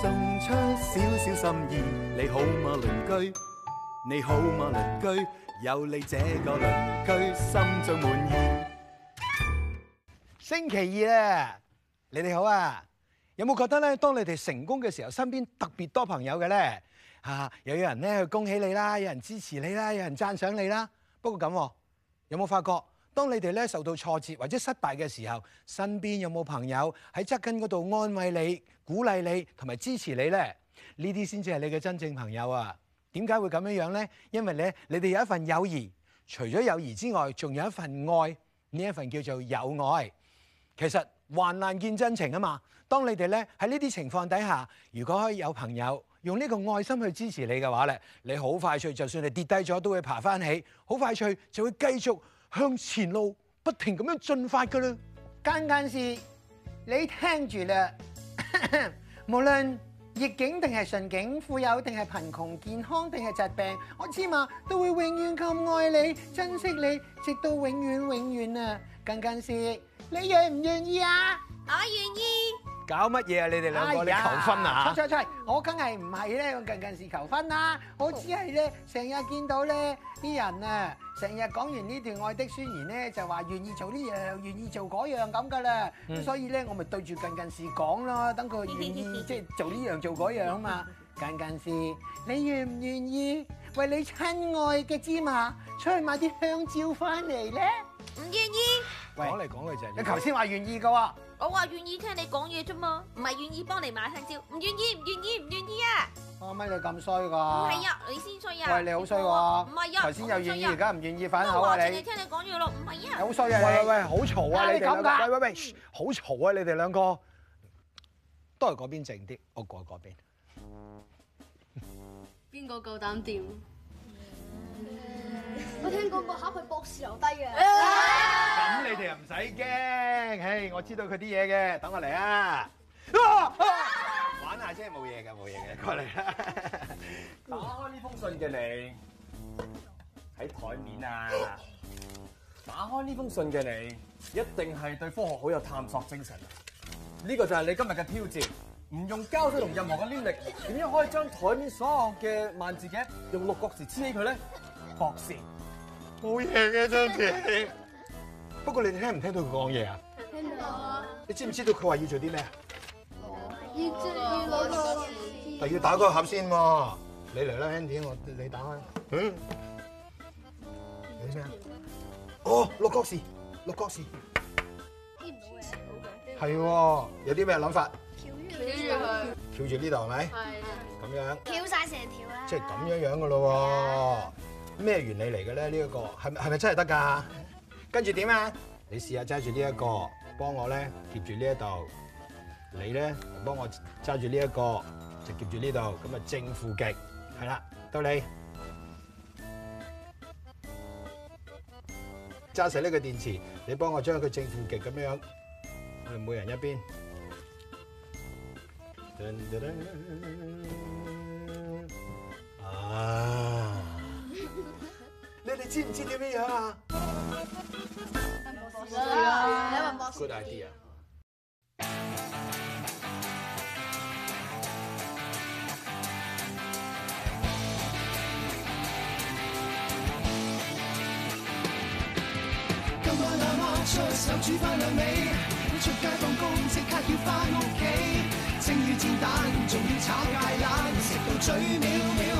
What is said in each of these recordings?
送出少少心意，你好嗎，鄰居？你好嗎，鄰居？有你這個鄰居，心中滿意。星期二咧，你哋好啊？有冇覺得咧？當你哋成功嘅時候，身邊特別多朋友嘅咧？啊，又有，有人咧去恭喜你啦，有人支持你啦，有人讚賞你啦。不過咁，有冇發覺？當你哋咧受到挫折或者失敗嘅時候，身邊有冇朋友喺側近嗰度安慰你？鼓勵你同埋支持你咧，呢啲先至係你嘅真正朋友啊！點解會咁樣樣咧？因為咧，你哋有一份友誼，除咗友誼之外，仲有一份愛，呢一份叫做友愛。其實患難見真情啊嘛！當你哋咧喺呢啲情況底下，如果可以有朋友用呢個愛心去支持你嘅話咧，你好快脆就算你跌低咗都會爬翻起，好快脆就會繼續向前路不停咁樣進發噶啦。間間時你聽住啦。 無論逆境定係順境，富有定係貧窮，健康定係疾病，我芝麻都會永遠咁愛你，珍惜你，直到永遠永遠啊！更僅是你願唔願意啊？搞乜嘢啊！你哋兩個你求婚啊！我梗係唔係咧？我近近是求婚啦！我只係咧成日見到咧啲人啊，成日講完呢段愛的宣言咧，就話願意做呢樣，願意做嗰樣咁噶啦。所以咧，我咪對住近近是講咯，等佢願意即係做呢樣做嗰樣嘛。近近是，你願唔願意為你親愛嘅芝麻出去買啲香蕉翻嚟咧？唔願意。講嚟講去就係你。頭先話願意噶喎、啊。我話願意聽你講嘢啫嘛，唔係願意幫你買香蕉，唔願意，唔願意，唔願意啊！阿媽你咁衰噶？唔係呀，你先衰呀？喂，你好衰喎！唔係呀，頭先、啊啊啊、又願意，而家唔願意，反口你！我話願意聽你講嘢咯，唔係呀？好衰呀你！喂喂喂，好嘈啊，啊你哋！喂喂喂，好嘈啊你哋兩個，都係嗰邊靜啲，我過去嗰邊。邊個夠膽掂？ 我聽講個學位博士留低嘅。 你驚？嘿、hey，我知道佢啲嘢嘅，等我嚟啊，啊！玩下先係冇嘢嘅，冇嘢嘅，過嚟 打開呢封信嘅你，喺台面啊！打開呢封信嘅你，一定係對科學好有探索精神。呢、這個就係你今日嘅挑戰，唔用膠水同任何嘅黏力，點樣可以將台面所有嘅萬字夾用六角匙黐起佢咧？博士，好嘢嘅張傑。張不過你哋聽唔聽到佢講嘢啊？聽到啊！你知唔知道佢話要做啲咩、哦、啊？要捉六角士，要打個盒先喎。你嚟啦，Andy，我你打開。嗯？有咩哦，六角士，六角士。見唔到嘅，少嘅、啊。係、哦，有啲咩諗法？跳住佢，跳住呢度係咪？係。咁樣。跳晒成條啊！即係咁樣樣噶咯？咩原理嚟嘅咧？呢、這、一個係係咪真係得噶？跟住點啊？你試下揸住呢一個，幫我咧夾住呢一度。你咧幫我揸住呢一個，就夾住呢度。咁啊，正負極，係啦，到你揸實呢個電池。你幫我將佢正負極咁樣，我哋每人一邊。啊！你哋知唔知點樣啊？Good idea. 今晚阿媽出手煮返兩味，出街放工即刻要返屋企，蒸魚煎蛋仲要炒芥蘭，食到嘴妙妙。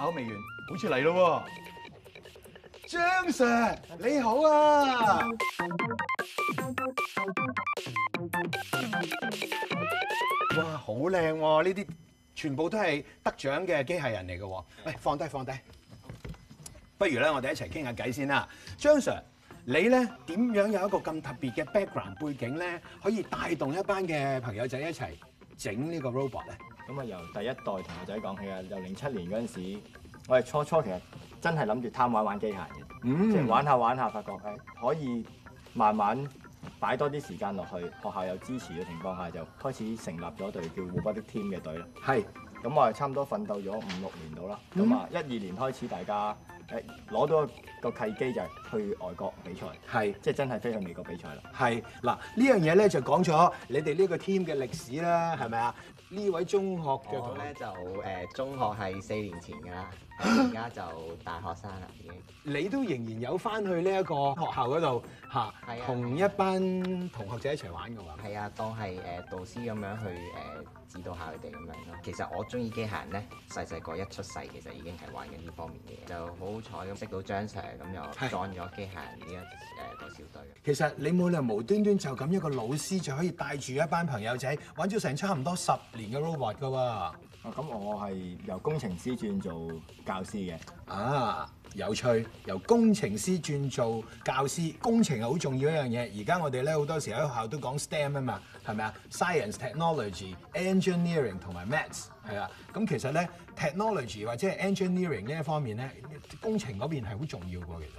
考未完，好似嚟咯喎！張 Sir，你好啊！哇，好靚喎！呢啲全部都係得獎嘅機械人嚟嘅喎。喂，放低放低，不如咧，我哋一齊傾下偈先啦。張 Sir，你咧，點樣有一個咁特別嘅 background 背景咧，可以帶動一班嘅朋友仔一齊整呢個 robot 咧？咁、嗯、啊，由第一代同仔講起啊，由零七年嗰陣時，我哋初初其實真係諗住貪玩玩機械嘅，即、嗯、係、就是、玩下玩下，發覺誒可以慢慢擺多啲時間落去，學校有支持嘅情況下，就開始成立咗隊叫湖北的 team 嘅隊啦。咁我哋差唔多奮鬥咗五六年到啦。咁、嗯、啊，一二年開始大家。誒攞到個契機就係去外國比賽，係即係真係飛去美國比賽啦，係，嗱呢樣嘢咧就講咗你哋呢個 team 嘅歷史啦，係咪啊？呢位中學同學咧就誒、呃、中學係四年前㗎啦。而家就大學生啦，已經。你都仍然有返去呢一個學校嗰度嚇，同一班同學仔一齊玩嘅喎。係啊，當係誒、呃、導師咁樣去誒、呃、指導下佢哋咁樣咯。其實我鍾意機械人咧，細細個一出世其實已經係玩緊呢方面嘅嘢，就好彩咁識到張 Sir，咁又撞咗機械人呢一誒個小隊。其實你冇理由無端端就咁一個老師就可以帶住一班朋友仔玩咗成差唔多十年嘅 robot 嘅喎。啊，咁我係由工程師轉做教師嘅。啊，有趣，由工程師轉做教師，工程係好重要一樣嘢。而家我哋咧好多時喺學校都講 STEM 啊嘛，係咪啊？Science、Technology、Maths、Technology、嗯、Engineering 同埋 Maths 係啊。咁其實咧，Technology 或者係 Engineering 呢一方面咧，工程嗰邊係好重要嘅。其實誒、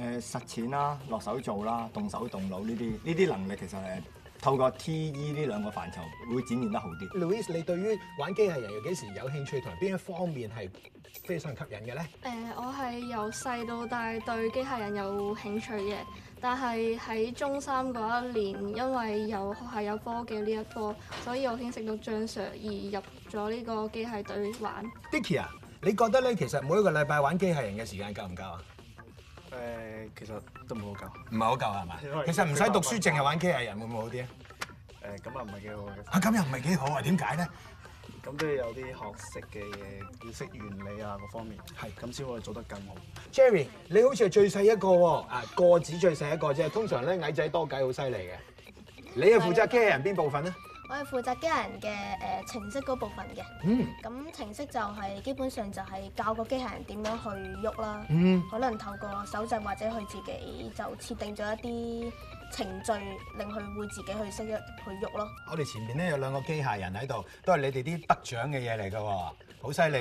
呃、實踐啦，落手做啦，動手動腦呢啲呢啲能力其實係。透過 T.E. 呢兩個範疇會展現得好啲。Louis，你對於玩機械人有幾時有興趣同埋邊一方面係非常吸引嘅咧？誒，我係由細到大對機械人有興趣嘅，但係喺中三嗰一年，因為有學校有科技呢一科，所以我認識到張 Sir 而入咗呢個機械隊玩。Dicky 啊，你覺得咧，其實每一個禮拜玩機械人嘅時間夠唔夠啊？誒、呃，其實都唔好夠，唔係好夠係嘛？其實唔使讀書淨係玩機器人、呃、會唔會好啲、呃、啊？誒，咁啊唔係幾好啊，咁又唔係幾好啊？點解咧？咁都要有啲學識嘅嘢，要識原理啊，各方面係，咁先可以做得更好。Jerry，你好似係最細一個喎、啊，個子最細一個啫。通常咧矮仔多計好犀利嘅，你係負責機器人邊部分咧？我係負責機械人嘅、誒、程式嗰部分嘅，嗯，咁程式就係基本上就係教個機械人點樣去喐啦，嗯，可能透過手掣或者佢自己就設定咗一啲程序，令佢會自己去識喐去喐咯。我哋前面咧有兩個機械人喺度，都係你哋啲得獎嘅嘢嚟噶，好犀利，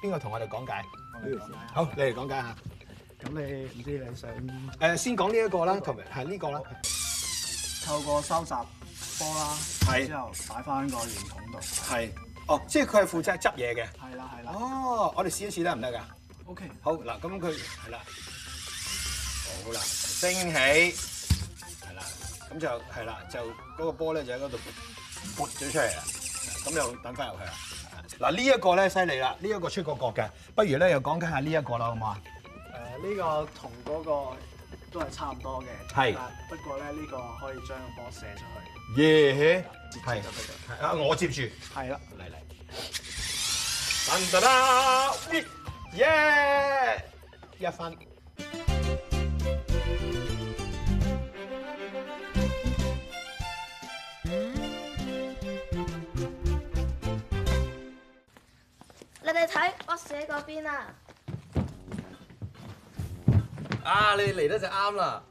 邊個同我哋講解？我嚟講解。好，你嚟講解一下。咁你唔知你想誒、呃、先講呢一個啦，同埋係呢個啦、這個，透過收集。波啦，之後擺翻個圓筒度，係，哦，即係佢係負責執嘢嘅，係啦係啦，哦，我哋試一試得唔得噶？O K，好嗱，咁佢係啦，好啦，升起，係啦，咁就係啦，就嗰個波咧就喺嗰度撥咗出嚟啊。咁又等翻入去啊，嗱呢一個咧犀利啦，呢一個出個角嘅，不如咧又講緊下呢一個啦，好唔好啊？誒、呃，呢個同嗰個。都係差唔多嘅，不過咧，呢、呢個可以將個波射出去。耶、yeah, 呢個！係啊、呢個，我接住。係啦，嚟嚟。等得啦！耶、yeah,！一分。你哋睇，我射嗰邊啦、啊。啊！你哋嚟得就啱啦。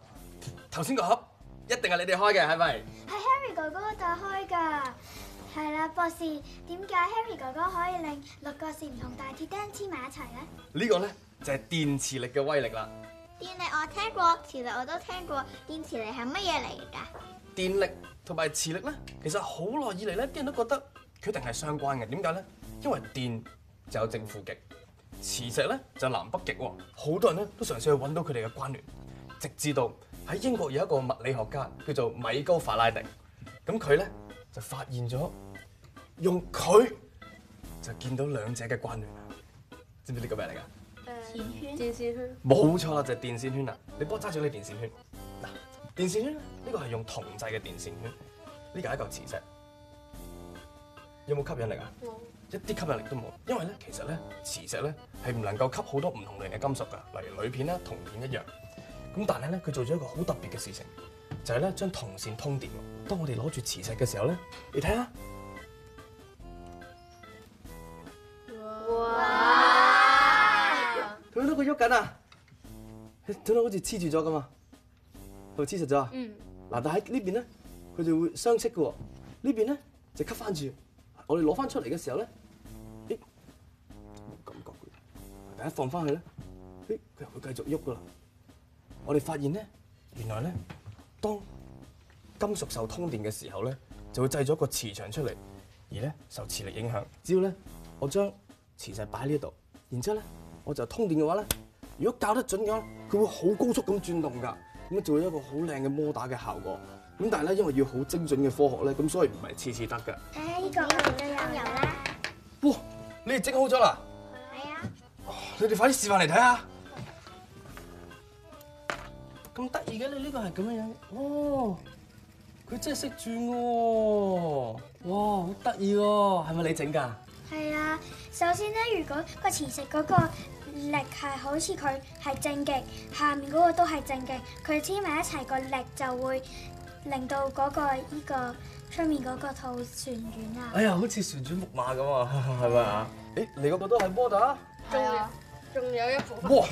頭先個盒一定係你哋開嘅，係咪？係 Harry 哥哥度開㗎。係啦，博士，點解 Harry 哥哥可以令六個唔同大鐵釘黐埋一齊咧？這個、呢個咧就係、是、電磁力嘅威力啦。電力我聽過，磁力我都聽過。電磁力係乜嘢嚟㗎？電力同埋磁力咧，其實好耐以嚟咧，啲人都覺得佢定係相關嘅。點解咧？因為電就有正負極。磁石咧就係、南北極，好多人咧都嘗試去揾到佢哋嘅關聯，直至到喺英國有一個物理學家叫做米高法拉第。咁佢咧就發現咗，用佢就見到兩者嘅關聯，知唔知呢個咩嚟噶？Uh, 電線圈、就係、電,線圈,電線圈，電線圈，冇錯啦，就係電線圈啦，你幫我揸住你電線圈，嗱，電線圈呢個係用銅製嘅電線圈，呢個係一嚿磁石，有冇吸引力啊？冇、uh,。一啲吸引力都冇，因為咧其實咧磁石咧係唔能夠吸好多唔同類型嘅金屬㗎，例如鋁片啦、銅片一樣。咁但係咧佢做咗一個好特別嘅事情，就係咧將銅線通電。當我哋攞住磁石嘅時候咧，你睇下，哇，哇！佢都佢喐緊啊，佢都好似黐住咗㗎嘛，佢黐實咗啊？嗯。嗱，但喺呢邊咧，佢就會相斥嘅喎，呢邊咧就吸翻住。我哋攞翻出嚟嘅時候咧，咦、哎，冇感覺嘅。第一放翻去咧，咦、哎，佢又會繼續喐噶啦。我哋發現咧，原來咧，當金屬受通電嘅時候咧，就會製咗個磁場出嚟，而咧受磁力影響。只要咧，我將磁石擺喺呢度，然之後咧，我就通電嘅話咧，如果教得準嘅佢會好高速咁轉動㗎。咁樣，做一個好靚嘅摩打嘅效果。咁但係咧，因為要好精準嘅科學咧，咁所以唔係次次得㗎。睇下呢個點樣遊啦！哇、哦！你哋整好咗啦？係啊、哦！你哋快啲示範嚟睇下，咁得意嘅，你呢個係咁樣樣。哦，佢真係識轉喎、哦！哇、哦，好得意喎！係咪你整㗎？係啊。首先咧，如果個磁石嗰個力係好似佢係正極，下面嗰個都係正極，佢黐埋一齊個力就會。令到嗰、那個依、這個出面嗰個套旋轉啊！哎呀，好似旋轉木馬咁啊，係咪啊？誒、嗯哎，你嗰個都係 model，係啊，仲、嗯、有一部分。哇！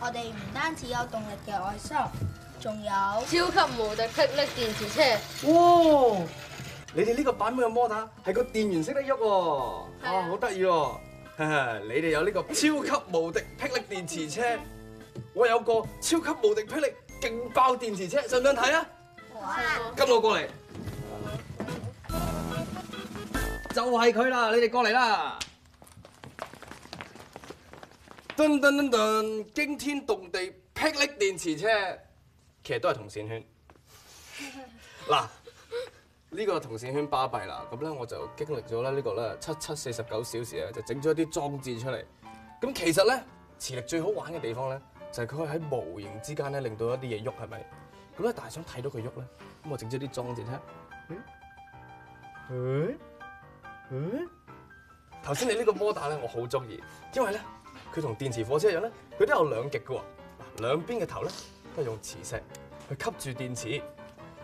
我哋唔單止有動力嘅外收，仲有超級無敵霹靂電池車。哇！你哋呢個版本嘅 model 係個電源識得喐喎、啊，啊，好得意喎！ 你哋有呢個超級無敵霹，霹靂電池車，我有個超級無敵霹靂。勁爆電池車，想唔想睇啊？哇，跟我過嚟，就係佢啦！你哋過嚟啦！噔噔噔噔，驚天動地霹靂電池車，其實都係銅線圈。嗱，呢個銅線圈巴閉啦，咁咧我就經歷咗咧呢個咧七七四十九小時咧，就整咗一啲裝置出嚟。咁其實咧，磁力最好玩嘅地方咧。就係、是、佢可以喺無形之間咧，令到一啲嘢喐，係咪？咁啊，但係想睇到佢喐咧，咁我整咗啲裝置先。嗯？誒？嗯？頭先你呢個摩打咧，我好中意，因為咧，佢同電池火車一樣咧，佢都有兩極㗎喎。嗱，兩邊嘅頭咧都係用磁石去吸住電池。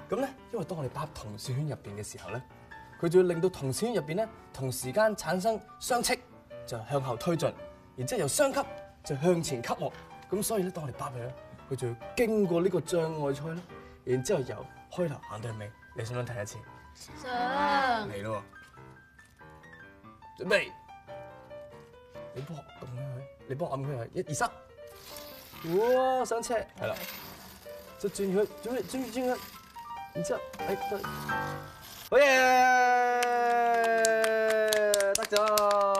咁咧，因為當我哋搭銅線圈入邊嘅時候咧，佢就會令到銅線圈入邊咧同時間產生相斥，就向後推進，然之後由相吸，就向前吸落。咁所以咧，當我哋巴閉咧，佢就要經過呢個障礙賽啦。然之後由開頭行到尾，你想唔想睇一次？想嚟咯，準備，你幫我撳佢，你幫我揞佢，一二三，哇，上車，係啦，就轉佢，轉轉轉佢，然之後，哎，好嘢，得咗！